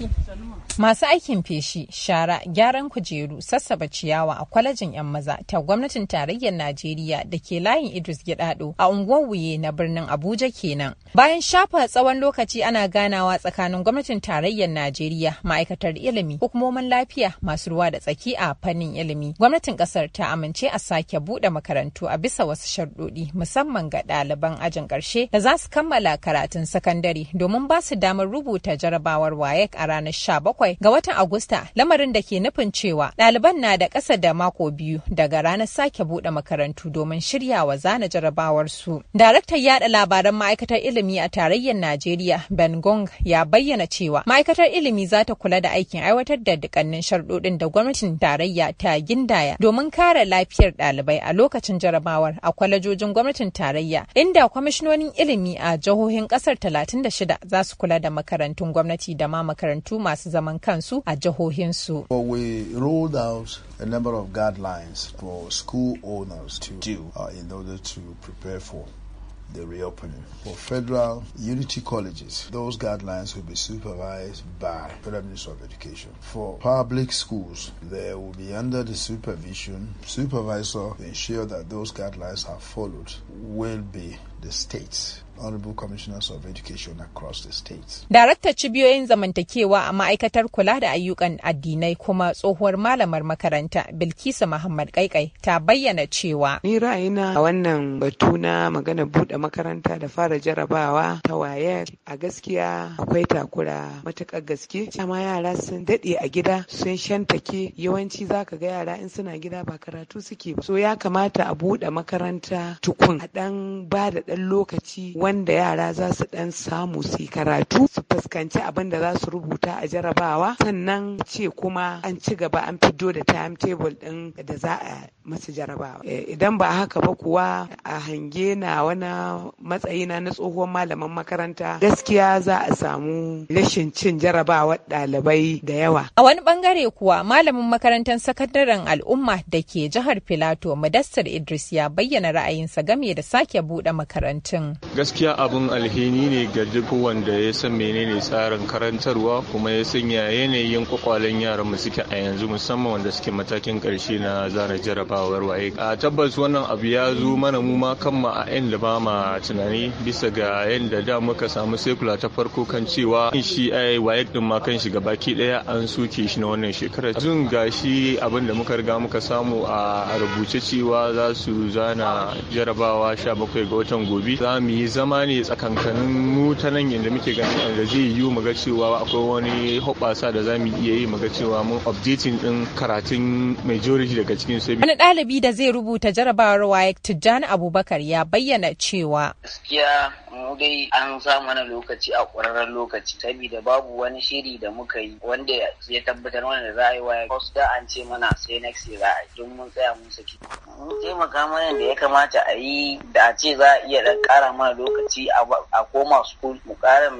aiki? Masu aikin feshi, shara, gyaran kujeru, sassaba ciyawa a kwalejin 'yan maza ta gwamnatin tarayyar Najeriya da ke layin Idris Gidado a unguwar Wuye na birnin Abuja kenan. Bayan shafa tsawon lokaci ana ganawa tsakanin gwamnatin tarayyar Najeriya, ma'aikatar ilimi, hukumomin lafiya masu ruwa da tsaki a fannin ilimi. Gwamnatin kasar ta amince a sake buɗe makarantu a bisa wasu sharɗoɗi musamman ga ɗaliban ajin ƙarshe da za su kammala karatun sakandare domin ba su damar rubuta jarabawar WAEC a e ranar 17 ga watan Agusta lamarin da ke nufin cewa ɗaliban na da ƙasa da mako biyu daga ranar sake buɗe makarantu domin shiryawa zana jarabawar su. Daraktan yada labaran ma'aikatar ilimi a tarayyar Najeriya Ben Gong ya bayyana cewa ma'aikatar ilimi za ta kula da aikin aiwatar da dukannin sharɗoɗin da gwamnatin tarayya ta gindaya domin kare lafiyar ɗalibai a lokacin jarabawar a kwalejojin gwamnatin tarayya inda kwamishinonin ilimi a jihohin ƙasar 36 za su kula da makarantun gwamnati da ma makarantun makarantu masu zaman kansu a jihohinsu. we rolled out a number of guidelines for school owners to do uh, in order to prepare for the reopening. For federal unity colleges, those guidelines will be supervised by Federal Minister of Education. For public schools, they will be under the supervision. Supervisor to ensure that those guidelines are followed will be the states honorable commissioners of education across the states. Daraktar cibiyoyin zamantakewa a ma'aikatar kula da ayyukan addinai kuma tsohuwar malamar makaranta Bilkisu Muhammad Kaikai ta bayyana cewa. Ni ra'ayina a wannan batu na magana buɗe makaranta da fara jarabawa ta waye a gaskiya akwai takura matuƙar gaske. Amma yara sun daɗe a gida sun shantake yawanci za ka ga yara in suna gida ba karatu suke ba. So ya kamata a buɗe makaranta tukun a ɗan ba da ɗan lokaci wanda yara za su ɗan samu su karatu su fuskanci abin da za su rubuta a jarabawa sannan ce kuma an ci gaba an doda da timetable ɗin da za a masu jarabawa eh, idan ba haka ba kuwa a hange na wani matsayina na tsohon malaman makaranta gaskiya za a samu rashin cin jarabawar ɗalibai da yawa a wani bangare kuwa malamin makarantar sakandaren al'umma da ke jihar filato madassar idris ya bayyana ra'ayinsa game da sake buɗe makaranta makarantun. Gaskiya abin alheri ne ga duk wanda ya san menene tsarin karantarwa kuma ya san ya yanayin kwakwalen yaran mu suke a yanzu musamman wanda suke matakin karshe na zana jarabawar waye. A tabbas wannan abu ya zo mana mu ma kan ma a inda ba ma tunani bisa ga yadda da muka samu sekula ta farko kan cewa in shi ai waye din ma kan shi gabaki daya an soke shi na wannan shekarar. Zun gashi abin da muka riga muka samu a rubuce cewa za su zana jarabawa 17 ga watan gobe za mu yi zama ne tsakankanin mu ta nan yadda muke ganin da zai yiwu mu cewa akwai wani hoɓasa da za mu iya yi mu ga cewa mun updating din karatun majority daga cikin sabi. Wani ɗalibi da zai rubuta jarabawar wayek Tijjani Abubakar ya bayyana cewa. Gaskiya mu dai an sa mana lokaci a ƙwararren lokaci saboda babu wani shiri da muka yi wanda ya tabbatar wani da za a yi waye. Wasu da an ce mana sai next year za a yi don mun tsaya mun saki. Mun taimaka mana da ya kamata a yi da a ce za a iya ya da ƙara mana lokaci a koma school mu kara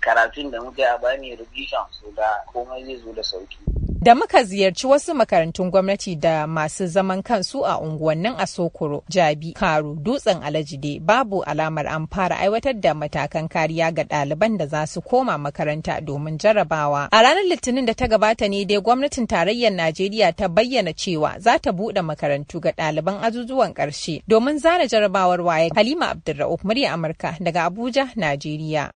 karatun da muke a bani revision so da komai zai zo da sauki da muka ziyarci wasu makarantun gwamnati da masu zaman kansu a unguwannin asokoro jabi karu dutsen alajide babu alamar an fara aiwatar da matakan kariya ga ɗaliban da za su koma makaranta domin jarabawa a ranar litinin da ta gabata ne dai gwamnatin tarayyar najeriya ta bayyana cewa za ta buɗe makarantu ga ɗaliban azuzuwan ƙarshe domin zana jarabawar waye halima Abdurra'u murya amurka daga abuja najeriya